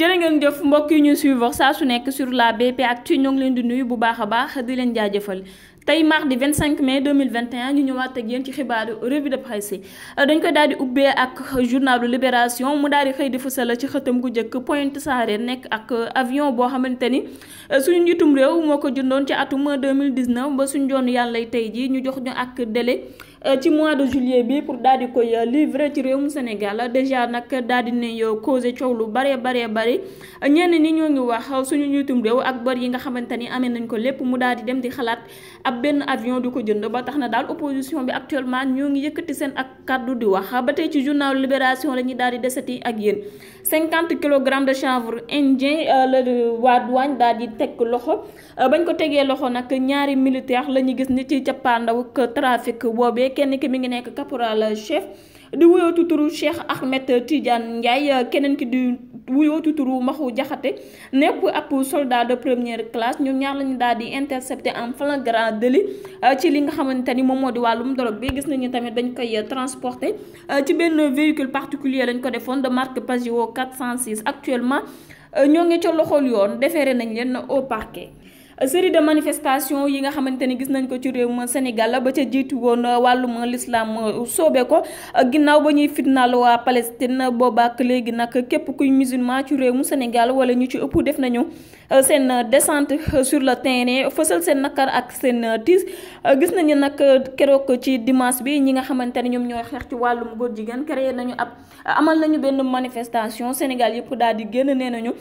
jërë ngeen jëf mbokk yi ñu suivre saa su nekk sur la BP Actu ñoo ngi leen di nuyu bu baax a baax di leen jaajëfal tey mardi 25 mai 2021 ñu ñëwaat ak yéen ci xibaaru revue de presse dañ koy daal di ubbee ak journal Libération mu daal di xëy di fësal ci xëtam gu njëkk Pointe Sarène nekk ak avion boo xamante ni suñu njiitum réew moo ko jundoon ci atum 2019 ba suñu joon yàlla tey jii ñu jox ñu ak délai. Euh, ci mois de juillet bi pour daal di koy euh, livrer ci réewum Sénégal déjà nag daal di nañ euh, causé coow lu bare bare bari ñenn ni ñoo ngi wax suñu njiitum réew ak bor yi nga xamante ni amee nañ ko lépp mu daal di dem di xalaat ab benn avion du ko jënd ba tax na daal opposition bi actuellement ñoo ngi yëkkati seen ak kàddu di wax ba tey ci journal Libération la ñuy daal di desati ak yéen 50 kilogrammes de chanvre indien la waa douane daal di teg loxo bañ ko tegee loxo nag ñaari militaire la ñu gis ni ci cappaandaw trafic boobee kenn ki mi ngi nekk caporal chef di wuyoo tuturu Cheikh Ahmed tiijaan Ndiaye keneen ki di wuyoo tuturu Maxu Jaxate nekk ab soldat de première classe ñoom ñaar lañu daal di intercepté en flagrant délit euh, ci li nga xamante ni moom moo di wàllum drogue bi gis nañu tamit dañ koy euh, transporté euh, ci benn véhicule particulier lañ ko defoon de marque Pajero 406 actuellement ñoo ngi ca loxol yoon déféré nañ leen au parquet. série de manifestation yi nga xamante ni gis nañ ko ci réew ma Sénégal ba ca jiitu woon wàllum lislaam soobee ko ginnaaw ba ñuy fitnaal waa Palestine boobaak léegi nag képp kuy musulman ci réewum Sénégal wala ñu ci ëpp def nañu euh, seen descente sur le terrain fësal seen nakar ak seen tiis euh, gis nañu nag euh, keroog ci dimanche bi ñi nga xamante ne ñoom ñooy xeex ci wàllum góor jigéen créé nañu ab amal nañu benn manifestation Sénégal yëpp daal di génn nee nañu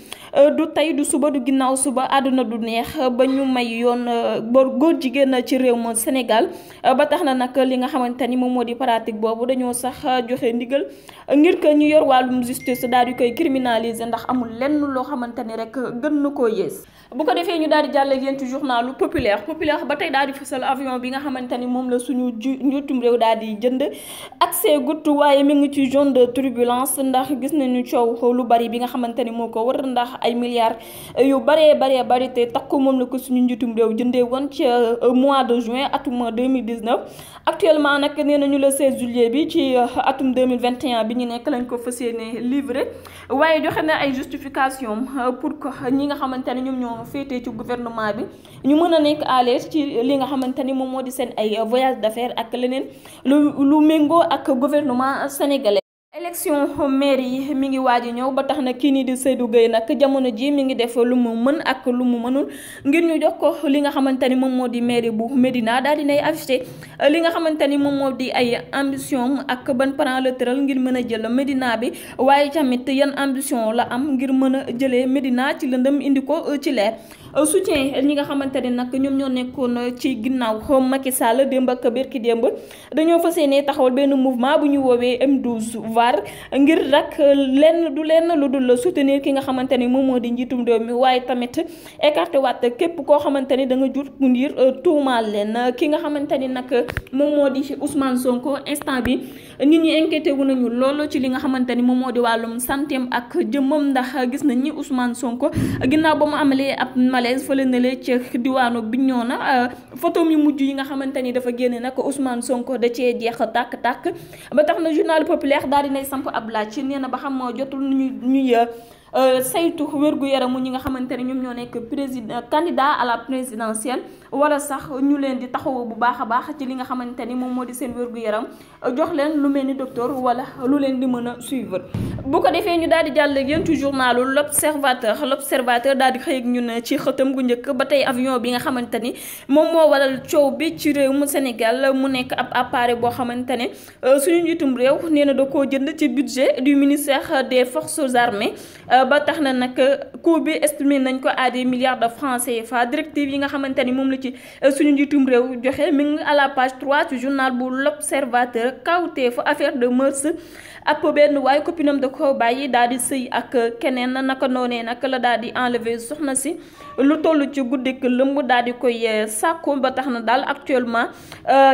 du tey du suba du ginnaaw suba àdduna du neex ñu may yoon bor euh, góor jigéen ci réew ma Sénégal euh, ba tax na nag li nga xamante ni moom moo di pratique boobu dañoo sax euh, joxe ndigal ngir ñu yor wàllum justice daal di koy criminaliser ndax amul lenn loo xamante ni rek gën na koo yées. bu ko defee ñu daal di jàll ak yéen ci journalu populaire populaire ba tey daal di fësal avion bi nga xamante ni moom la suñu ju njuutum réew daal di jënd accès gutt waaye mi ngi ci zone de turbulence ndax gis nañu coow lu bari bi nga xamante ni moo ko war ndax ay milliards yu baree baree bari te takku moom la ko ko suñu njiitum réew jëndee woon ci euh, mois de juin atum 2019 actuellement nag nee nañu le 16 juillet bi ci euh, atum 2021 bi ñu nekk lañ ko fa yéene livré waaye joxe na ay justification euh, pour que ñi nga xamante ne ñoom ñoo féetee ci gouvernement bi ñu mën a nekk à l'aise ci li nga xamante ni moom moo di seen ay voyage d'affaires ak leneen lu lu méngoo ak gouvernement sénégalais élection maire yi mi ngi waaj ñëw ba tax na kii nii di Seydou Gueye nag jamono ji mi ngi def lu mu mën ak lu mu mënul ngir ñu jox ko li nga xamante ni moom moo di maire bu Médina daal dinay affiché li nga xamante ni moom moo di ay ambition ak ban plan la ngir mën a jël Médina bi waaye tamit yan ambition la am ngir mën a jëlee Médina ci lëndëm indi ko euh, ci leer euh, soutien ñi nga xamante ne nag ñoom ñoo nekkoon euh, ci ginnaaw Macky Sall démb ak bërki démb dañoo fas yéene taxawal benn mouvement bu ñu woowee m pouvoir ngir rek lenn du lenn lu dul soutenir ki nga xamante ni moom moo di njiitum réew mi waaye tamit écarté waat képp koo xamante ni da nga jur ngir euh, tuumaal leen ki nga xamante ni nag moom moo di Ousmane Sonko instant bi nit ñi inquiété wu nañu loolu ci li nga xamante ni moom moo di wàllum santeem ak jëmmam ndax gis nañ ñi Ousmane Sonko ginnaaw ba mu amalee ab malaise fële na lee ci diwaanu Bignona euh, photo mi mujj yi nga xamante ni dafa génn nag Ousmane Sonko da cee jeex tàkk tàkk ba tax na journal populaire daal daal nay samp ab laa ci nee na ba xam jotul nu ñu ñuy Euh, saytu wérgu yaramu ñi nga xamante ne ñoom ñoo nekk président euh, candidat à la présidentielle wala sax ñu leen di taxawu bu baax a baax ci li nga xamante ni moom moo di seen wérgu yaram euh, jox leen lu ni docteur wala lu leen di mën a suivre. bu ko defee ñu daal di jàll ak yéen ci journalu l' observateur l' observateur daal di xëy ak ñun ci xëtam gu njëkk ba tey avion bi nga xamante ni moom moo waral coow bi ci réew mu Sénégal mu nekk ab appareil boo xamante ne suñu njiitum réew nee na da koo jënd ci budget du ministère des forces armées. Euh, ba tax na nag euh, coût bi estimé nañ ko à des milliards de francs CFA directive yi nga xamante ni moom la ci euh, suñu njiitum réew joxe mi ngi à la page 3 ci journal bu l'observateur kawteefu affaire de mœurs ab benn waaye copinam da ko bàyyi daal di sëy ak keneen naka noonee nag la daal di enlever soxna si lu tollu ci guddi guddik lëmb daal di koy sàkku ba tax na daal actuellement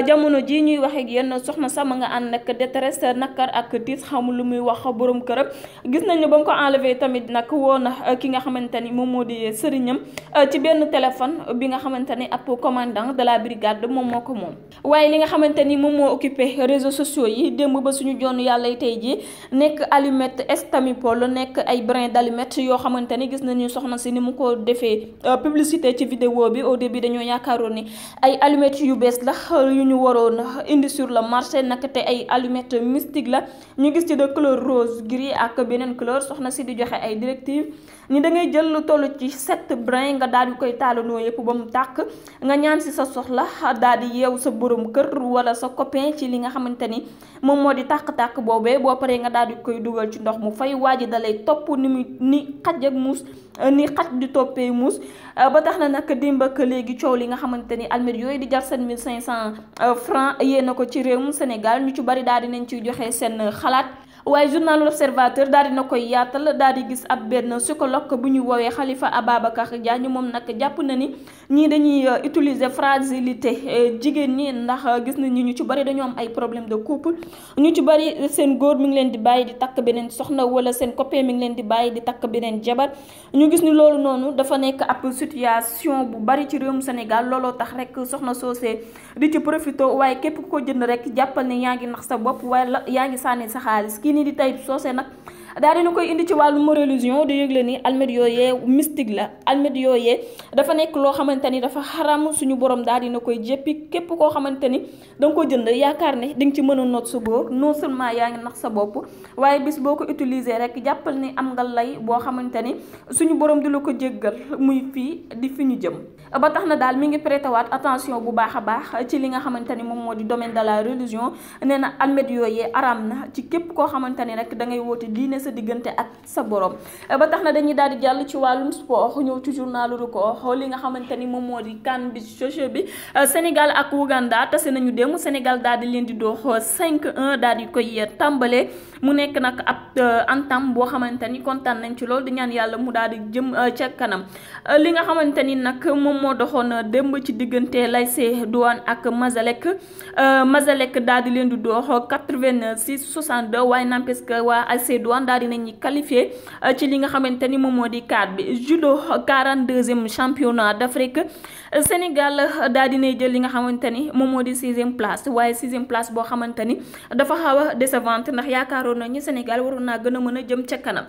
jamono ji ñuy wax yenn soxna sama nga ànd nag détresse nakar ak tiis lu muy wax borom këram gis tamit nag woo na euh, ki nga xamante ni moom moo di sëriñam euh, ci benn téléphone bi nga xamante ni ab commandant de la brigade moom moo ko moom. waaye li nga xamante ni moom moo occupé réseaux sociaux yi démb ba suñu joon yàlla tey jii nekk allumette estamipol nekk ay brin d'allumette yoo xamante ni gis nañu soxna si ni mu ko defee euh, publicité ci vidéo bi au début dañoo yaakaaroon ni ay allumette yu bees la yu ñu waroon indi sur le marché nag te ay allumette mystique la ñu gis ci rose gris ak beneen couleur soxna si di joxe. ay directive ni da ngay jël lu toll ci sept brin nga daal di koy taalanoo yëpp ba mu tàkk nga ñaan si sa soxla daal di yeew sa borom kër wala sa copain ci li nga xamante ni moom moo di tàkk-tàkk boobee boo paree nga daal di koy dugal ci ndox mu fay waa ji da topp ni mu ni xaj ak muus ni xaj di toppee muus ba tax na nag démb ak léegi coow li nga xamante ni almet yooyu di jar 7500 euh, francs yéen na ko ci réewum Sénégal ñu ci bari daal dinañ ci joxe seen xalaat waaye journal l'observateur daal dina koy yaatal daal di gis ab benn psychologue bu ñu woowee Khalifa Ababacar Diagne moom nag jàpp na ni ñii dañuy euh, utiliser fragilité euh, jigéen ñi ndax euh, gis nañ ni ñu ci bari dañoo am ay problème de couple ñu ci bari seen góor mi ngi leen di bàyyi di takk beneen soxna wala seen copain mi ngi leen di bàyyi di takk beneen jabar ñu gis ni loolu noonu dafa nekk ab situation bu bari ci réewum Sénégal looloo tax rek soxna soosee di ci profito waaye képp ko jënd rek jàppal ne yaa ngi nax sa bopp wala yaa ngi sànni sa xaalis nii di Taib Socé nag daal dina koy indi ci wàllum religion di yëgle ni almet yooyee mystique la almet yooyee dafa nekk loo xamante ni dafa xaram suñu boroom daal dina koy jéppi képp koo xamante ni da nga ko jënd yaakaar ne di nga ci mën a noot sa góor non seulement yaa ngi nax sa bopp waaye bis boo ko utiliser rek jàppal ni am nga lay boo xamante ni suñu borom di la ko jéggal muy fii di fi ñu jëm ba tax na daal mi ngi prêter waat attention bu baax a baax ci li nga xamante ni moom moo di domaine de la religion nee na almet yooyee aram na ci koo xamante ni rek sa diggante ak sa borom eh, ba tax na dañuy daal di jàll ci wàllum sport ñëw ci journalu record li nga xamante ni moom moo di CAN bi socio bi eh, Sénégal ak Ouganda tase nañu démb Sénégal daal di leen di doox 5-1 daal di koy tàmbale mu nekk nag ab eh, antam boo xamante ni kontaan nañ ci lool di ñaan yàlla mu daal di jëm ca kanam li nga xamante ni nag moom moo doxoon démb ci diggante Laysé Douane ak Mazalek Mazalek daal di leen di doox 86 daal ñi nañu euh, ci li nga xamante ni moom moo di cadre bi judo 42e championnat d'Afrique Sénégal daal di jël li nga xamante ni moom moo di sixième place waaye sixième place boo xamante ni dafa xaw a décevante ndax yaakaaroon nañu Sénégal waroon naa gën a mën a jëm ca kanam.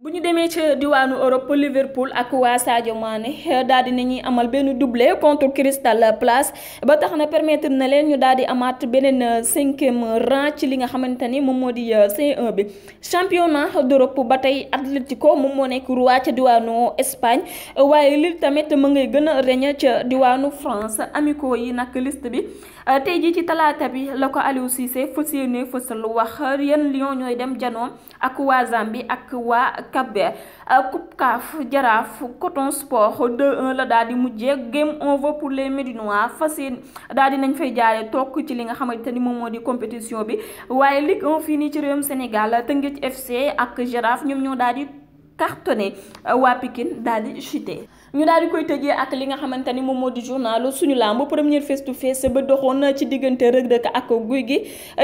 bu ñu demee ca diwaanu Europe Liverpool ak waa Sadio Mané daal di nañuy amal benn duble contre cristal Palace ba tax na permettre na leen ñu daal di amaat beneen euh, cinquième rang ci li nga xamante ni moom moo di euh, c bi championnat d'Europe ba tey Atlético moom moo nekk roi ca diwaanu Espagne waaye Lille tamit mu ngay gën a reñ ca diwaanu France amico yi nag liste bi euh, tey jii ci talaata bi la ko Aliou Cissé fas yéene fësal wax yan Lions ñooy dem janoo ak waa Zambie ak ak Cap Vert euh, Coupe CAF Jaraaf Coton Sport de 1 la daal di mujjee game over pour les Médinois fas yéen daal di nañ fay jaaree toog ci li nga xamante ni moom moo di compétition bi waaye Ligue 1 fii nii ci réewum Sénégal Teungueth FC ak Jaraaf ñoom ñoo daal di cartonné euh, waa Pikine daal di chuté. ñu daal di koy tëjee ak li nga xamante ni moom moo di journal suñu làmb première face to face ba doxoon ci diggante rëg-rëg ak guy gi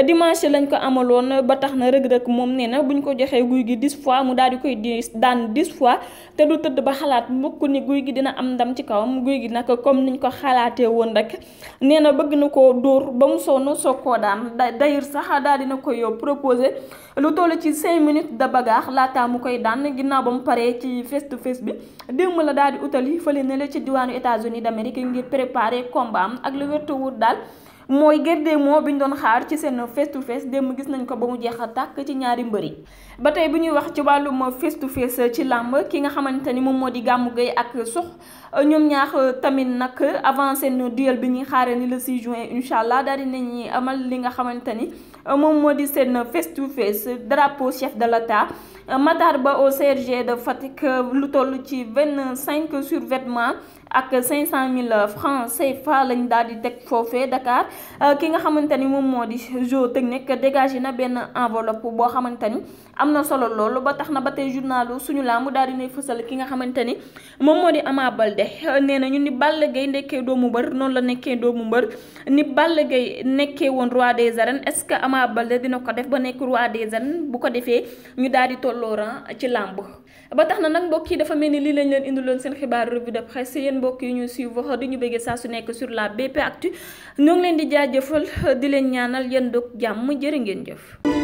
dimanche lañ ko amaloon ba tax na rëg-rëg moom nee na buñ ko joxee guy gi dix mu daal di koy di daan dix fois te du tëdd ba xalaat mukk ni guy gi dina am ndam ci kawam guy gi nag comme niñ ko xalaatee woon rek nee na bëgg na ko dóor ba mu sonn soo koo daan dayir sax daal dina koy proposé lu toll ci cinq minutes de bagarre laataa mu koy daan ginnaaw ba mu paree ci face to bi Italie fële ne la ci diwaanu États-Unis d'Amérique ngir préparer combat am ak lu wértu wut daal mooy Gris 2 bi ñu doon xaar ci seen face to face démb gis nañ ko ba mu jeex a tàkk ci ñaari mbër yi ba tey bu ñuy wax ci wàllum face to face ci làmb ki nga xamante ni moom moo di Gamou Gueye ak sox ñoom ñaax tamit nag avant seen duel bi ñuy xaaree ni le 6 juin incha allah daal di nañuy amal li nga xamante ni moom moo di seen face to face drapeau chef de l'État Matar Ba au CRG de Fatick lu toll ci vingt cinq survêtement ak cinq cent 500000 francs CFA lañ daal di teg foofee Dakar euh, ki nga xamante ni moom moo di géotechnique dégagé na benn enveloppe boo xamante ni. am na solo loolu ba tax na ba tey journalu suñu laamu daal ne fësal ki nga xamante ni moom moo di Ama Baldé nee na ñu ni Balla Gaye nekkee doomu mbër noonu la nekkee doomu mbër ni Balla Gaye nekkee woon roi des arènes est-ce que Ama Baldé dina ko def ba nekk roi des arènes bu ko defee ñu daal di tolloo ran ci làmb ba tax na nag mbokk yi dafa mel ni lii lañ leen indiloon seen xibaar revue de presse yéen mbokk yi ñu suivre di ñu bëggee saa su nekk sur la BP Actu ñoo ngi leen di jaajëfal di leen ñaanal yéen dog jàmm jërë ngeen jëf